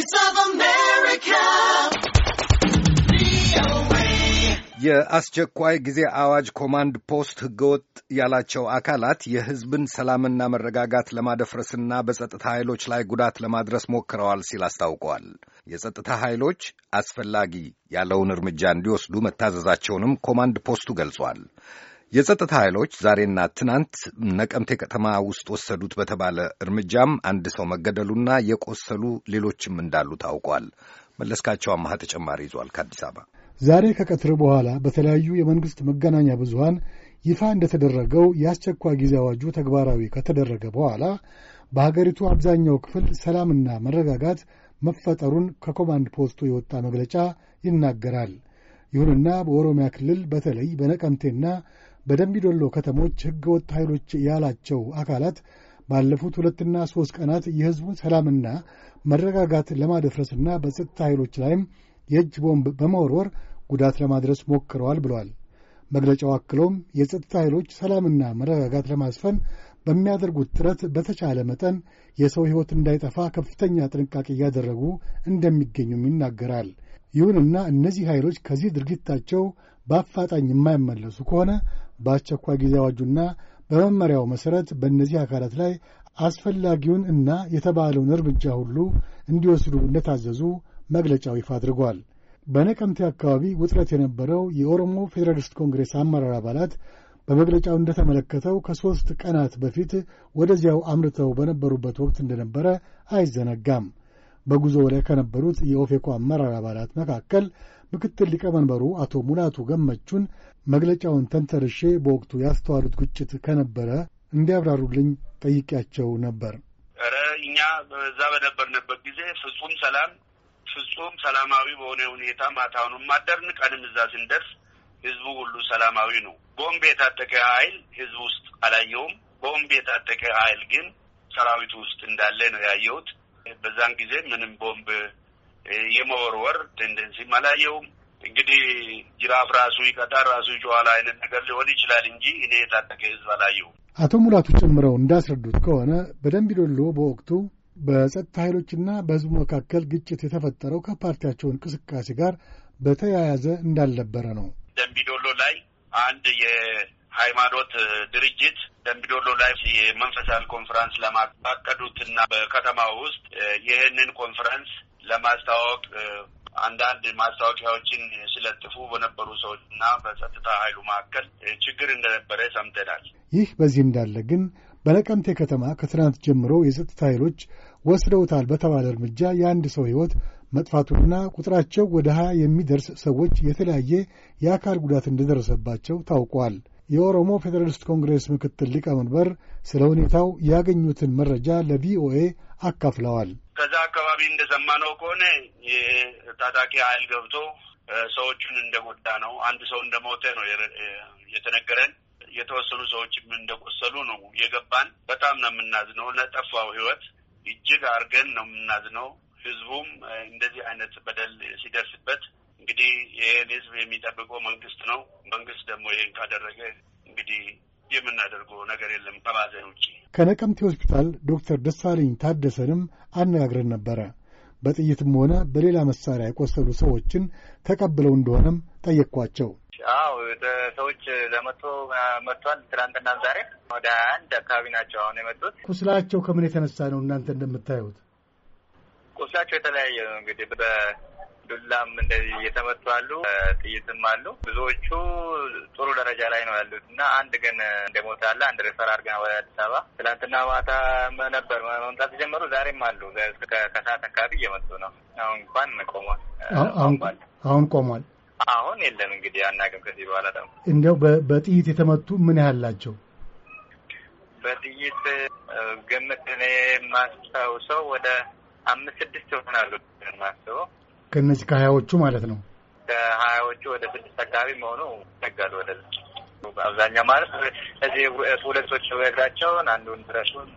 Voice of America. የአስቸኳይ ጊዜ አዋጅ ኮማንድ ፖስት ህገወጥ ያላቸው አካላት የህዝብን ሰላምና መረጋጋት ለማደፍረስና በጸጥታ ኃይሎች ላይ ጉዳት ለማድረስ ሞክረዋል ሲል አስታውቀዋል። የጸጥታ ኃይሎች አስፈላጊ ያለውን እርምጃ እንዲወስዱ መታዘዛቸውንም ኮማንድ ፖስቱ ገልጿል። የጸጥታ ኃይሎች ዛሬና ትናንት ነቀምቴ ከተማ ውስጥ ወሰዱት በተባለ እርምጃም አንድ ሰው መገደሉና የቆሰሉ ሌሎችም እንዳሉ ታውቋል። መለስካቸው አማሃ ተጨማሪ ይዟል ከአዲስ አበባ። ዛሬ ከቀትር በኋላ በተለያዩ የመንግሥት መገናኛ ብዙሃን ይፋ እንደተደረገው የአስቸኳይ ጊዜ አዋጁ ተግባራዊ ከተደረገ በኋላ በሀገሪቱ አብዛኛው ክፍል ሰላምና መረጋጋት መፈጠሩን ከኮማንድ ፖስቱ የወጣ መግለጫ ይናገራል። ይሁንና በኦሮሚያ ክልል በተለይ በነቀምቴና በደምቢዶሎ ከተሞች ሕገወጥ ኃይሎች ያላቸው አካላት ባለፉት ሁለትና ሦስት ቀናት የሕዝቡን ሰላምና መረጋጋት ለማደፍረስና በጸጥታ ኃይሎች ላይም የእጅ ቦምብ በመወርወር ጉዳት ለማድረስ ሞክረዋል ብለዋል። መግለጫው አክለውም የጸጥታ ኃይሎች ሰላምና መረጋጋት ለማስፈን በሚያደርጉት ጥረት በተቻለ መጠን የሰው ሕይወት እንዳይጠፋ ከፍተኛ ጥንቃቄ እያደረጉ እንደሚገኙም ይናገራል። ይሁንና እነዚህ ኃይሎች ከዚህ ድርጊታቸው በአፋጣኝ የማይመለሱ ከሆነ በአስቸኳይ ጊዜ አዋጁና በመመሪያው መሠረት በእነዚህ አካላት ላይ አስፈላጊውን እና የተባለውን እርምጃ ሁሉ እንዲወስዱ እንደታዘዙ መግለጫው ይፋ አድርጓል። በነቀምቴ አካባቢ ውጥረት የነበረው የኦሮሞ ፌዴራሊስት ኮንግሬስ አመራር አባላት በመግለጫው እንደተመለከተው ከሦስት ቀናት በፊት ወደዚያው አምርተው በነበሩበት ወቅት እንደነበረ አይዘነጋም። በጉዞ ላይ ከነበሩት የኦፌኮ አመራር አባላት መካከል ምክትል ሊቀመንበሩ አቶ ሙላቱ ገመቹን መግለጫውን ተንተርሼ በወቅቱ ያስተዋሉት ግጭት ከነበረ እንዲያብራሩልኝ ጠይቄያቸው ነበር። ኧረ እኛ በዛ በነበርንበት ጊዜ ፍጹም ሰላም ፍጹም ሰላማዊ በሆነ ሁኔታ ማታውንም ማደርን ቀንም እዛ ስንደርስ ህዝቡ ሁሉ ሰላማዊ ነው። ቦምብ የታጠቀ ኃይል ህዝብ ውስጥ አላየውም። ቦምብ የታጠቀ ኃይል ግን ሰራዊቱ ውስጥ እንዳለ ነው ያየሁት። በዛን ጊዜ ምንም ቦምብ የመወርወር ቴንደንሲም አላየውም። እንግዲህ ጅራፍ ራሱ ይቀጣል ራሱ ጨዋላ አይነት ነገር ሊሆን ይችላል እንጂ እኔ የታጠቀ ህዝብ አላየውም። አቶ ሙላቱ ጨምረው እንዳስረዱት ከሆነ በደንብ ዶሎ በወቅቱ በጸጥታ ኃይሎችና በህዝቡ መካከል ግጭት የተፈጠረው ከፓርቲያቸው እንቅስቃሴ ጋር በተያያዘ እንዳልነበረ ነው። ደንቢዶሎ ላይ አንድ ሃይማኖት ድርጅት ደምቢዶሎ ላይ የመንፈሳዊ ኮንፈረንስ ለማቀዱትና በከተማ ውስጥ ይህንን ኮንፈረንስ ለማስታወቅ አንዳንድ ማስታወቂያዎችን ሲለጥፉ በነበሩ ሰዎች እና በጸጥታ ኃይሉ መካከል ችግር እንደነበረ ሰምተናል። ይህ በዚህ እንዳለ ግን በለቀምቴ ከተማ ከትናንት ጀምሮ የጸጥታ ኃይሎች ወስደውታል በተባለ እርምጃ የአንድ ሰው ሕይወት መጥፋቱንና ቁጥራቸው ወደ ሀያ የሚደርስ ሰዎች የተለያየ የአካል ጉዳት እንደደረሰባቸው ታውቋል። የኦሮሞ ፌዴራሊስት ኮንግሬስ ምክትል ሊቀመንበር ስለ ሁኔታው ያገኙትን መረጃ ለቪኦኤ አካፍለዋል። ከዛ አካባቢ እንደሰማነው ከሆነ ታጣቂ ኃይል ገብቶ ሰዎቹን እንደጎዳ ነው። አንድ ሰው እንደሞተ ነው የተነገረን። የተወሰኑ ሰዎችም እንደቆሰሉ ነው የገባን። በጣም ነው የምናዝነው። ለጠፋው ህይወት እጅግ አድርገን ነው የምናዝነው። ህዝቡም እንደዚህ አይነት በደል ሲደርስበት እንግዲህ ይህን ህዝብ የሚጠብቀው መንግስት ነው። መንግስት ደግሞ ይህን ካደረገ እንግዲህ የምናደርገው ነገር የለም ከማዘን ውጭ። ከነቀምቴ ሆስፒታል ዶክተር ደሳለኝ ታደሰንም አነጋግረን ነበረ። በጥይትም ሆነ በሌላ መሳሪያ የቆሰሉ ሰዎችን ተቀብለው እንደሆነም ጠየቅኳቸው። አዎ ሰዎች ለመቶ መጥቷል። ትናንትና ዛሬ ወደ አንድ አካባቢ ናቸው አሁን የመጡት። ቁስላቸው ከምን የተነሳ ነው እናንተ እንደምታዩት? ቁስላቸው የተለያየ ነው እንግዲህ ዱላም እንደዚህ እየተመቱ አሉ፣ ጥይትም አሉ። ብዙዎቹ ጥሩ ደረጃ ላይ ነው ያሉት እና አንድ ግን እንደሞተ አለ። አንድ ሬፈር አድርገን ወደ አዲስ አበባ ትላንትና ማታ ነበር መምጣት ጀመሩ ዛሬም አሉ። ከሰዓት አካባቢ እየመጡ ነው። አሁን እንኳን ቆሟል። አሁን ቆሟል። አሁን የለም። እንግዲህ አናውቅም። ከዚህ በኋላ ደግሞ እንዲያው በጥይት የተመቱ ምን ያህል ናቸው? በጥይት ግምት እኔ የማስታውሰው ወደ አምስት ስድስት ይሆናሉ ማስበው ከእነዚህ ከሀያዎቹ ማለት ነው። ከሀያዎቹ ወደ ስድስት አካባቢ መሆኑ ይነጋል። ወደ አብዛኛው ማለት እዚህ ሁለቶች እግራቸውን አንዱን ብረቱን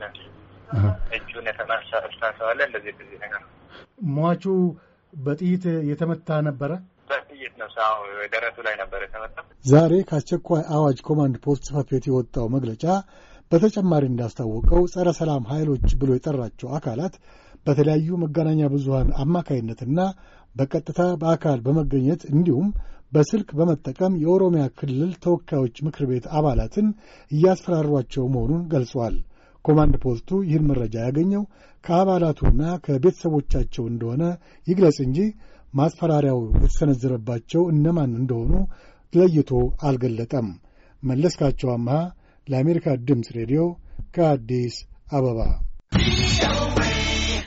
እጁን የተመሳሰዋለ እንደዚህ ጊዜ ነገር ሟቹ በጥይት የተመታ ነበረ። በጥይት ነው ሰው ደረቱ ላይ ነበር የተመታ። ዛሬ ከአስቸኳይ አዋጅ ኮማንድ ፖስት ጽፈት ቤት የወጣው መግለጫ በተጨማሪ እንዳስታወቀው ጸረ ሰላም ኃይሎች ብሎ የጠራቸው አካላት በተለያዩ መገናኛ ብዙሀን አማካይነትና በቀጥታ በአካል በመገኘት እንዲሁም በስልክ በመጠቀም የኦሮሚያ ክልል ተወካዮች ምክር ቤት አባላትን እያስፈራሯቸው መሆኑን ገልጿል። ኮማንድ ፖስቱ ይህን መረጃ ያገኘው ከአባላቱና ከቤተሰቦቻቸው እንደሆነ ይግለጽ እንጂ ማስፈራሪያው የተሰነዘረባቸው እነማን እንደሆኑ ለይቶ አልገለጠም። መለስካቸው አምሃ ለአሜሪካ ድምፅ ሬዲዮ ከአዲስ አበባ